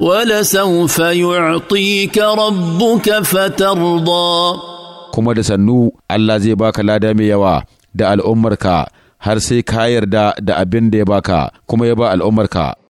Walasan ولسوف يعطيك ربك فترضى kuma da sannu Allah zai baka lada mai yawa da al'ummarka har sai ka yarda da abinda da ya baka kuma ya ba al'ummarka